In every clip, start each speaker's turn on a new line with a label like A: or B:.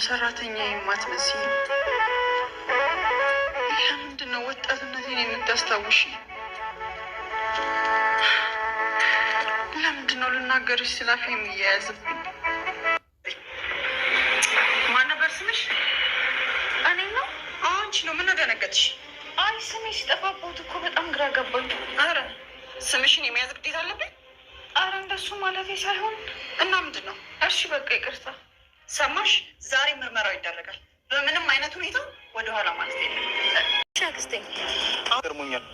A: ነው ሰራተኛ የማትመስይ? ለምንድን ነው ወጣትነቴን የምታስታውሽ? ለምንድን ነው ልናገርሽ ስላፍ የሚያያዝብኝ?
B: ማን ነበር ስምሽ? እኔ ነው። አንቺ ነው። ምን
C: ደነገጥሽ? አይ ስሜ ሲጠፋብዎት እኮ በጣም ግራ ገባኝ።
B: አረ ስምሽን የመያዝ ግዴታ አለብኝ?
C: አረ እንደሱ ማለቴ ሳይሆን
B: እና ምንድን ነው? እሺ በቃ ይቅርታ። ሰማሽ? ዛሬ ምርመራው ይደረጋል። በምንም አይነት ሁኔታ ወደኋላ ማለት
D: የለም። አክስቴ ገርሞኛል።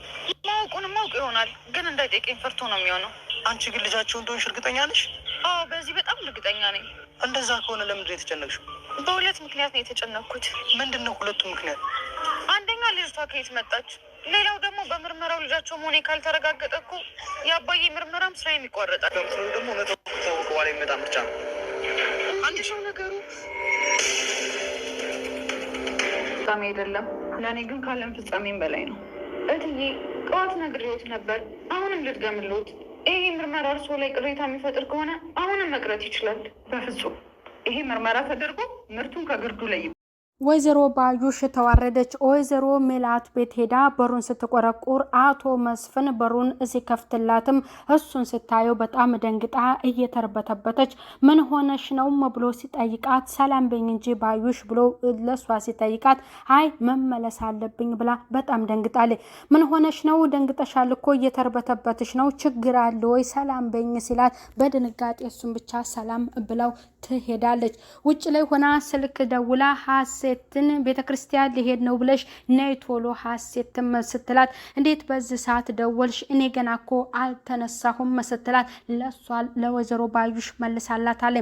D: ማወቁን ማውቅ ይሆናል ግን እንዳይጠይቀኝ ፈርቶ ነው
E: የሚሆነው። አንቺ ግን ልጃቸው እንደሆንሽ እርግጠኛ
D: ነሽ? አዎ፣ በዚህ በጣም እርግጠኛ ነኝ።
E: እንደዛ ከሆነ ለምንድን ነው የተጨነቅሽው?
D: በሁለት ምክንያት ነው
E: የተጨነቅኩት። ምንድን ነው ሁለቱ ምክንያት?
D: አንደኛ ልጅቷ ከየት መጣች፣ ሌላው ደግሞ በምርመራው ልጃቸው መሆኔ ካልተረጋገጠ እኮ የአባዬ ምርመራም ስራ
E: የሚቋረጣል። ደግሞ መጠ ታወቀ በኋላ የሚመጣ ምርጫ ነው
F: ፍጻሜ አይደለም ለእኔ ግን ካለም ፍጻሜም በላይ ነው። እትዬ ጠዋት ነግሬዎት ነበር። አሁንም ልድገምልዎት። ይሄ ምርመራ እርስዎ ላይ ቅሬታ የሚፈጥር ከሆነ አሁንም መቅረት ይችላል። በፍጹም ይሄ ምርመራ ተደርጎ ምርቱን ከግርዱ ላይ
G: ወይዘሮ ባዩሽ ተዋረደች። ወይዘሮ ሜላት ቤት ሄዳ በሩን ስትቆረቁር አቶ መስፍን በሩን ሲከፍትላትም እሱን ስታየው በጣም ደንግጣ እየተርበተበተች ምን ሆነሽ ነው ብሎ ሲጠይቃት ሰላም በኝ እንጂ ባዩሽ ብሎ ለሷ ሲጠይቃት አይ መመለስ አለብኝ ብላ በጣም ደንግጣለች። ምን ሆነሽ ነው? ደንግጠሻል እኮ እየተርበተበትሽ ነው፣ ችግር አለ ወይ? ሰላም በኝ ሲላት በድንጋጤ እሱን ብቻ ሰላም ብላው ትሄዳለች። ውጭ ላይ ሆና ስልክ ደውላ ሀስ ሀሴትን ቤተ ክርስቲያን ሊሄድ ነው ብለሽ ነይ ቶሎ ሀሴትም ስትላት እንዴት በዚህ ሰዓት ደወልሽ? እኔ ገና እኮ አልተነሳሁም ስትላት ለሷ ለወይዘሮ ባዩሽ መልሳላታለ።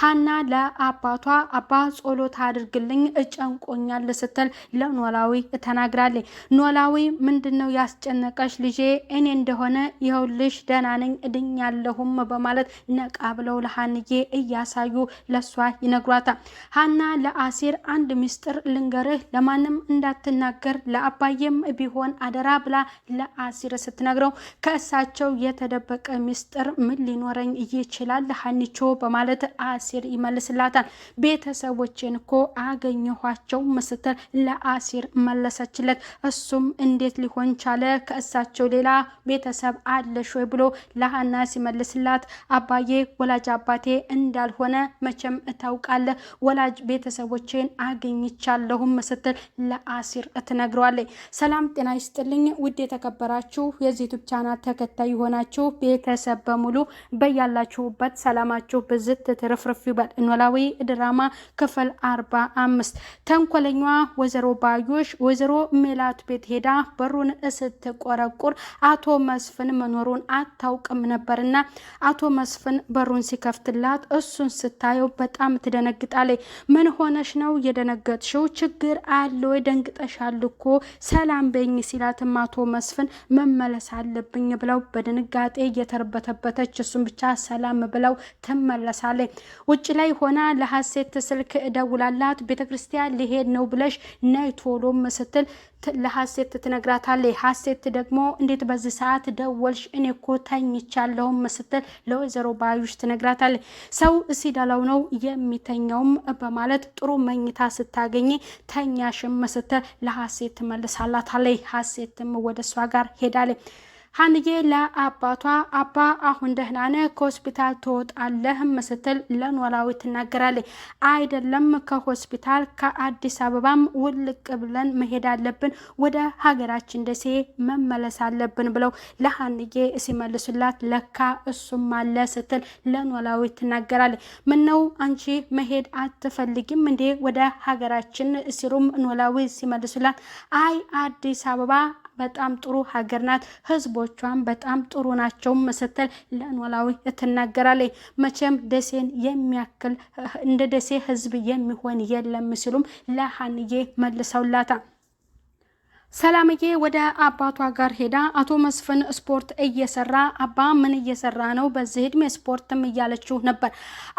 G: ሀና ለአባቷ አባ ጸሎት አድርግልኝ እጨንቆኛል ስትል ለኖላዊ ተናግራለ። ኖላዊ ምንድን ነው ያስጨነቀሽ ልጄ? እኔ እንደሆነ ይኸውልሽ ደህና ነኝ እድኛለሁም በማለት ነቃ ብለው ለሀንዬ እያሳዩ ለሷ ይነግሯታል። ሀና ለአሴር አንድ ሚስጥር ልንገርህ፣ ለማንም እንዳትናገር ለአባዬም ቢሆን አደራ ብላ ለአሲር ስትነግረው ከእሳቸው የተደበቀ ሚስጥር ምን ሊኖረኝ ይችላል ሀኒቾ በማለት አሲር ይመልስላታል። ቤተሰቦቼን እኮ አገኘኋቸው ምስትል ለአሲር መለሰችለት። እሱም እንዴት ሊሆን ቻለ ከእሳቸው ሌላ ቤተሰብ አለሽ ወይ ብሎ ለሀና ሲመልስላት አባዬ ወላጅ አባቴ እንዳልሆነ መቼም እታውቃለህ ወላጅ ቤተሰቦቼን አገኘ ተገኝቻለሁም ስትል ለአሲር ትነግረዋለች። ሰላም ጤና ይስጥልኝ ውድ የተከበራችሁ የዚህ ቻናል ተከታይ የሆናችሁ ቤተሰብ በሙሉ በያላችሁበት ሰላማችሁ ብዝት ትርፍርፍ ይበል። ኖላዊ ድራማ ክፍል አርባ አምስት ተንኮለኛዋ ወይዘሮ ባዮሽ ወይዘሮ ሜላት ቤት ሄዳ በሩን ስትቆረቁር አቶ መስፍን መኖሩን አታውቅም ነበርና አቶ መስፍን በሩን ሲከፍትላት እሱን ስታየው በጣም ትደነግጣለች። ምን ሆነሽ ነው የደነግ ደነገጥሽው? ችግር አለ ወይ? ደንግጠሻል እኮ ሰላም በኝ ሲላትም አቶ መስፍን መመለስ አለብኝ ብለው በድንጋጤ እየተርበተበተች እሱም ብቻ ሰላም ብለው ትመለሳለች። ውጭ ላይ ሆና ለሀሴት ስልክ እደውላላት ቤተክርስቲያን ልሄድ ነው ብለሽ ነይ ቶሎም ስትል ለሀሴት ትነግራታለች። ሀሴት ደግሞ እንዴት በዚህ ሰዓት ደወልሽ? እኔ እኮ ተኝቻለሁም ስትል ለወይዘሮ ባዩሽ ትነግራታለች። ሰው ሲደላው ነው የሚተኛውም በማለት ጥሩ መኝታ ስታገኝ ተኛሽም ስትል ለሀሴት መልሳላታለች። ሀሴትም ወደ እሷ ጋር ሄዳለች። ሀንዬ ለአባቷ አባ አሁን ደህና ነህ ከሆስፒታል ትወጣለህም ስትል ለኖላዊ ትናገራለች። አይደለም ከሆስፒታል ከአዲስ አበባም ውልቅ ብለን መሄድ አለብን፣ ወደ ሀገራችን ደሴ መመለስ አለብን ብለው ለሀንዬ ሲመልሱላት ለካ እሱም አለ ስትል ለኖላዊ ትናገራለች። ምነው አንቺ መሄድ አትፈልጊም እንዴ ወደ ሀገራችን ሲሩም ኖላዊ ሲመልሱላት አይ አዲስ አበባ በጣም ጥሩ ሀገር ናት፣ ህዝቦቿም በጣም ጥሩ ናቸው ስትል ለኖላዊ ትናገራለች። መቼም ደሴን የሚያክል እንደ ደሴ ህዝብ የሚሆን የለም ሲሉም ለሀንዬ መልሰውላታ ሰላምዬ ወደ አባቷ ጋር ሄዳ አቶ መስፍን ስፖርት እየሰራ አባ ምን እየሰራ ነው በዚህ እድሜ ስፖርትም እያለችው ነበር።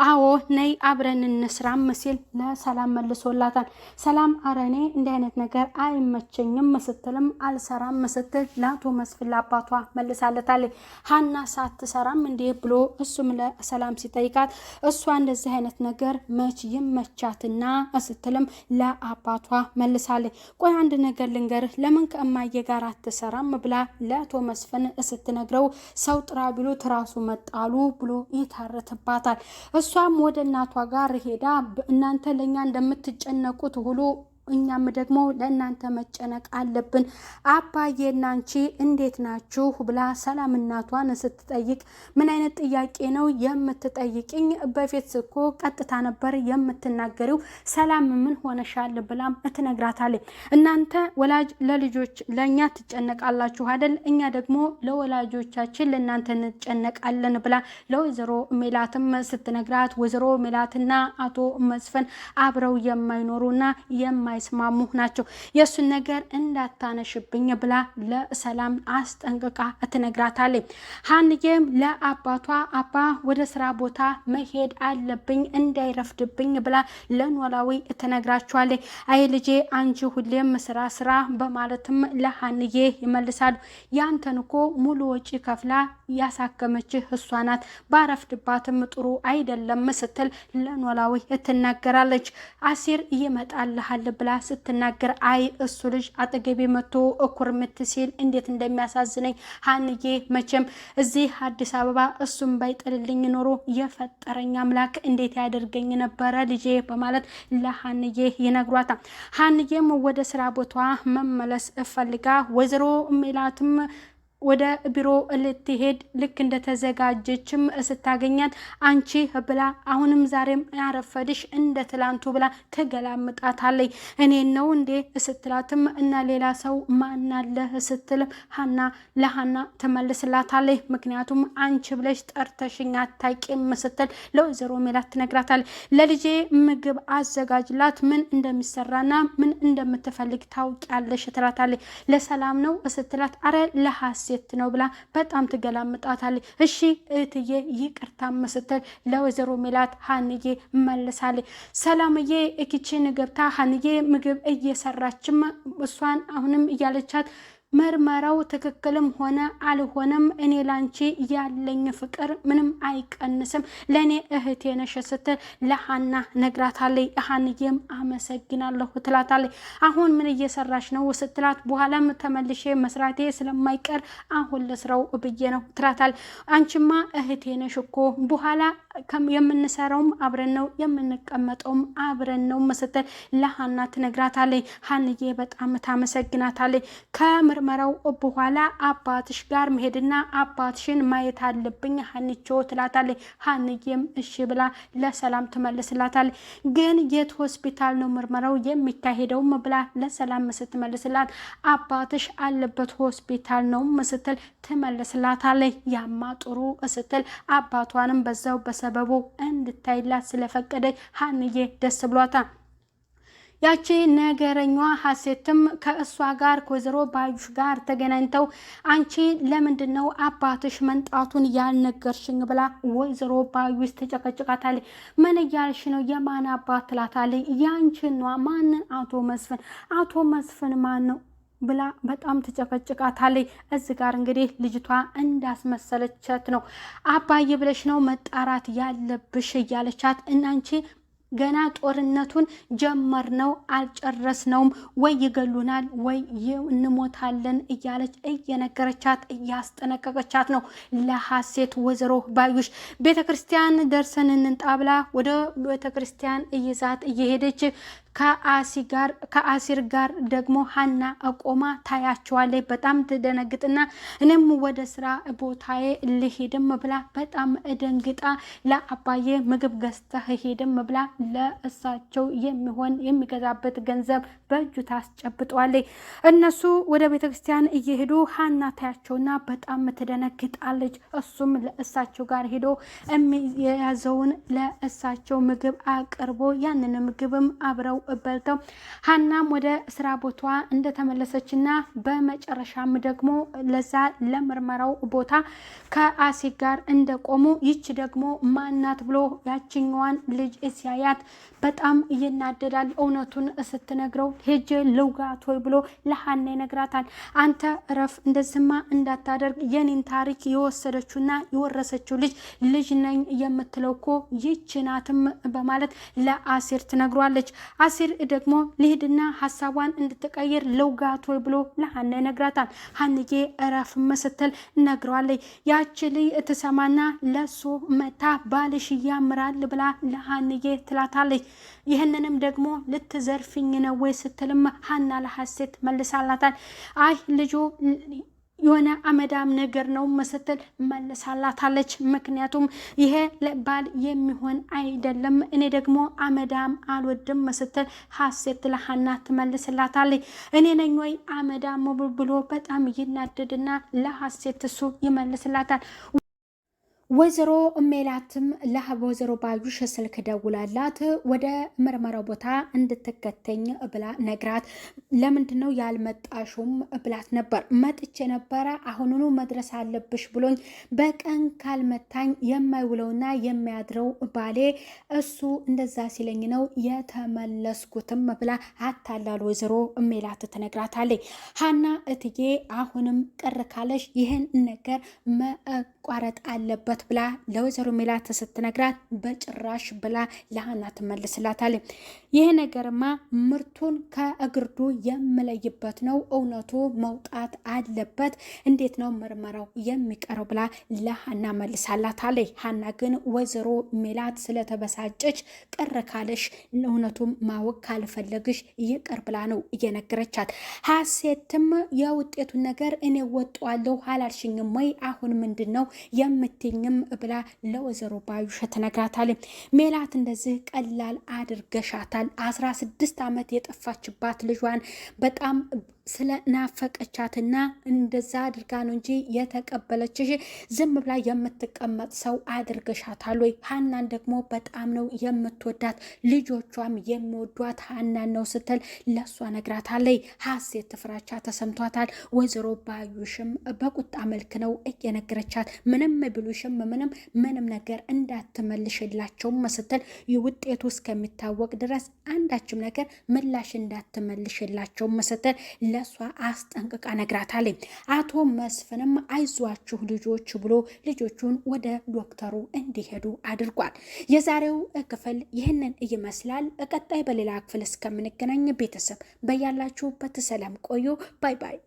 G: አዎ ነይ አብረን እንስራም ሲል ለሰላም መልሶላታል። ሰላም አረኔ እንዲህ አይነት ነገር አይመቸኝም ስትልም አልሰራም ምስትል ለአቶ መስፍን ለአባቷ መልሳለታለች። ሀና ሳትሰራም እንዲህ ብሎ እሱም ለሰላም ሲጠይቃት እሷ እንደዚህ አይነት ነገር መች ይመቻትና ስትልም ለአባቷ መልሳለች። ቆይ አንድ ነገር ልንገርህ ለምን ከእማዬ ጋር አትሰራም ብላ ለአቶ መስፍን ስትነግረው ሰው ጥራ ብሎ ትራሱ መጣሉ ብሎ ይታረትባታል። እሷም ወደ እናቷ ጋር ሄዳ እናንተ ለእኛ እንደምትጨነቁት ሁሉ እኛም ደግሞ ለእናንተ መጨነቅ አለብን። አባዬ አንቺ እንዴት ናችሁ ብላ ሰላም እናቷን ስትጠይቅ ምን አይነት ጥያቄ ነው የምትጠይቅኝ? በፊት እኮ ቀጥታ ነበር የምትናገሪው። ሰላም ምን ሆነሻል? ብላም ትነግራታለ እናንተ ወላጅ ለልጆች ለእኛ ትጨነቃላችሁ አደል? እኛ ደግሞ ለወላጆቻችን ለእናንተ እንጨነቃለን ብላ ለወይዘሮ ሜላትም ስትነግራት ወይዘሮ ሜላትና አቶ መስፈን አብረው የማይኖሩና የማ የማይስማሙ ናቸው። የእሱን ነገር እንዳታነሽብኝ ብላ ለሰላም አስጠንቅቃ ትነግራታለች። ሀንዬም ለአባቷ አባ ወደ ስራ ቦታ መሄድ አለብኝ እንዳይረፍድብኝ ብላ ለኖላዊ ትነግራቸዋለች። አይ ልጄ አንቺ ሁሌም ስራ ስራ በማለትም ለሀንዬ ይመልሳሉ። ያንተን እኮ ሙሉ ወጪ ከፍላ ያሳከመችህ እሷ ናት፣ ባረፍድባትም ጥሩ አይደለም ስትል ለኖላዊ ትናገራለች። አሲር እየመጣልሃል ብላ ብላ ስትናገር አይ እሱ ልጅ አጠገቤ መቶ እኩር ምት ሲል እንዴት እንደሚያሳዝነኝ ሀንዬ፣ መቼም እዚህ አዲስ አበባ እሱም ባይጠልልኝ ኖሮ የፈጠረኝ አምላክ እንዴት ያደርገኝ ነበረ ልጄ በማለት ለሀንዬ ይነግሯታል። ሀንዬም ወደ ስራ ቦታ መመለስ እፈልጋ ወይዘሮ ሜላትም ወደ ቢሮ ልትሄድ ልክ እንደተዘጋጀችም ስታገኛት አንቺ ብላ አሁንም ዛሬም ያረፈድሽ እንደ ትላንቱ ብላ ተገላምጣታለች። እኔን ነው እንዴ ስትላትም እና ሌላ ሰው ማናለህ ስትልም ሀና ለሀና ትመልስላታለች። ምክንያቱም አንቺ ብለሽ ጠርተሽኝ አታውቂም ስትል ለወይዘሮ ሜላት ትነግራታለች። ለልጄ ምግብ አዘጋጅላት፣ ምን እንደሚሰራና ምን እንደምትፈልግ ታውቂያለሽ ትላታለች። ለሰላም ነው ስትላት አረ ለሀስ ሴት ነው ብላ በጣም ትገላምጣታለች። እሺ እህትዬ ይቅርታ ምስትል ለወይዘሮ ሜላት ሀንዬ መልሳለች። ሰላምዬ ኪችን ገብታ ሀንዬ ምግብ እየሰራችም እሷን አሁንም እያለቻት ምርመራው ትክክልም ሆነ አልሆነም እኔ ላንቺ ያለኝ ፍቅር ምንም አይቀንስም፣ ለእኔ እህቴ ነሽ ስትል ለሀና ነግራታለች። ሀንዬም አመሰግናለሁ ትላታለይ። አሁን ምን እየሰራሽ ነው ስትላት፣ በኋላም ተመልሼ መስራቴ ስለማይቀር አሁን ለስራው ብዬ ነው ትላታል። አንቺማ እህቴ ነሽ እኮ በኋላ የምንሰራውም አብረን ነው የምንቀመጠውም አብረን ነው ስትል ለሀና ትነግራታለች። ሀንዬ በጣም ታመሰግናታለች። ከምርመራው በኋላ አባትሽ ጋር መሄድና አባትሽን ማየት አለብኝ ሀንቾ ትላታለች። ሀንዬም እሺ ብላ ለሰላም ትመልስላታለች። ግን የት ሆስፒታል ነው ምርመራው የሚካሄደውም ብላ ለሰላም ስትመልስላት አባትሽ አለበት ሆስፒታል ነው ስትል ትመልስላታለች። ያማ ጥሩ ስትል አባቷንም በዛው በሰበቡ እንድታይላት ስለፈቀደች ሀንዬ ደስ ብሏታል። ያቺ ነገረኛዋ ሀሴትም ከእሷ ጋር ከወይዘሮ ባዩሽ ጋር ተገናኝተው አንቺ ለምንድን ነው አባትሽ መንጣቱን ያልነገርሽኝ ብላ ወይዘሮ ባዩሽ ትጨቀጭቃታለች። ምን እያልሽ ነው? የማን አባት ትላታለች። ያንቺኗ ማንን? አቶ መስፍን። አቶ መስፍን ማን ነው ብላ በጣም ትጨቀጭቃታለች። እዚ ጋር እንግዲህ ልጅቷ እንዳስመሰለቻት ነው አባዬ ብለሽ ነው መጣራት ያለብሽ እያለቻት እናንቺ ገና ጦርነቱን ጀመር ነው አልጨረስነውም፣ ወይ ይገሉናል ወይ እንሞታለን እያለች እየነገረቻት እያስጠነቀቀቻት ነው ለሀሴት ወይዘሮ ባዩሽ። ቤተ ክርስቲያን ደርሰን እንንጣብላ ወደ ቤተ ክርስቲያን እይዛት እየሄደች ከአሲር ጋር ደግሞ ሀና አቆማ ታያቸዋለች። በጣም ትደነግጥና እኔም ወደ ስራ ቦታዬ ልሄድም ብላ በጣም ደንግጣ ለአባዬ ምግብ ገዝተህ ሄድም ብላ ለእሳቸው የሚሆን የሚገዛበት ገንዘብ በእጁ ታስጨብጠዋለች። እነሱ ወደ ቤተ ክርስቲያን እየሄዱ ሀና ታያቸውና በጣም ትደነግጣለች። እሱም ለእሳቸው ጋር ሄዶ የያዘውን ለእሳቸው ምግብ አቅርቦ ያንን ምግብም አብረው በልተው ሀናም ወደ ስራ ቦቷ እንደተመለሰችና በመጨረሻም ደግሞ ለዛ ለምርመራው ቦታ ከአሴ ጋር እንደቆሙ ይች ደግሞ ማናት ብሎ ያችኛዋን ልጅ ሲያያት በጣም ይናደዳል። እውነቱን ስትነግረው ሄጄ ልውጋት ወይ ብሎ ለሀና ይነግራታል። አንተ እረፍ፣ እንደዚህማ እንዳታደርግ የኔን ታሪክ የወሰደችውና የወረሰችው ልጅ ልጅ ነኝ የምትለው እኮ ይች ናትም በማለት ለአሴር ትነግሯለች። አሲር ደግሞ ልሂድና ሀሳቧን እንድትቀይር ለውጋት ወይ ብሎ ለሀና ይነግራታል። ሀንዬ እረፍም ስትል ነግሯለይ ያች ልይ ትሰማና ለሱ መታ ባልሽ እያምራል ብላ ለሀንዬ ትላታለች። ይህንንም ደግሞ ልትዘርፍኝ ነው ወይ ስትልም ሀና ለሀሴት መልሳላታል። አይ ልጁ የሆነ አመዳም ነገር ነው መሰተል መለሳላታለች። ምክንያቱም ይሄ ለባል የሚሆን አይደለም፣ እኔ ደግሞ አመዳም አልወድም መሰተል ሀሴት ለሀና ትመልስላታለች። እኔ ነኝ ወይ አመዳም ብሎ በጣም ይናደድና ለሀሴት እሱ ይመልስላታል። ወይዘሮ ሜላትም ለወይዘሮ ባዩሽ ስልክ ደውላላት ወደ ምርመራው ቦታ እንድትከተኝ ብላ ነግራት፣ ለምንድን ነው ያልመጣሹም ብላት ነበር። መጥቼ ነበረ አሁኑኑ መድረስ አለብሽ ብሎኝ በቀን ካልመታኝ የማይውለውና የሚያድረው ባሌ እሱ እንደዛ ሲለኝ ነው የተመለስኩትም ብላ አታላል ወይዘሮ ሜላት ትነግራታለች። ሀና እትዬ አሁንም ቅር ካለሽ ይህን ነገር መቋረጥ አለበት አለባት ብላ ለወይዘሮ ሜላት ስትነግራት በጭራሽ ብላ ለሀና ትመልስላታለች። ይህ ነገርማ ምርቱን ከእግርዱ የምለይበት ነው፣ እውነቱ መውጣት አለበት። እንዴት ነው ምርመራው የሚቀረው ብላ ለሀና መልሳላታለች። ሀና ግን ወይዘሮ ሜላት ስለተበሳጨች ቅር ካለሽ እውነቱን ማወቅ ካልፈለግሽ ይቅር ብላ ነው እየነገረቻት ሀሴትም የውጤቱን ነገር እኔ ወጣዋለሁ አላልሽኝም ወይ? አሁን ምንድን ነው የምትይኝ? አልገባኝም ብላ ለወይዘሮ ባዩሽ ተነግራታል። ሜላት እንደዚህ ቀላል አድርገሻታል። አስራ ስድስት ዓመት የጠፋችባት ልጇን በጣም ስለ ናፈቀቻትና እንደዛ አድርጋ ነው እንጂ የተቀበለችሽ ዝም ብላ የምትቀመጥ ሰው አድርገሻታል ወይ? ሀናን ደግሞ በጣም ነው የምትወዳት ልጆቿም የሚወዷት ሀናን ነው ስትል ለእሷ ነግራታለች። ሀሴት ፍራቻ ተሰምቷታል። ወይዘሮ ባዩሽም በቁጣ መልክ ነው እየነገረቻት ምንም ብሉሽም ምንም ምንም ነገር እንዳትመልሽላቸውም ስትል ውጤቱ እስከሚታወቅ ድረስ አንዳችም ነገር ምላሽ እንዳትመልሽላቸውም ስትል ለእሷ አስጠንቅቃ ነግራታለች። አቶ መስፍንም አይዟችሁ ልጆች ብሎ ልጆቹን ወደ ዶክተሩ እንዲሄዱ አድርጓል። የዛሬው ክፍል ይህንን ይመስላል። ቀጣይ በሌላ ክፍል እስከምንገናኝ ቤተሰብ በያላችሁበት ሰላም ቆዩ። ባይ ባይ።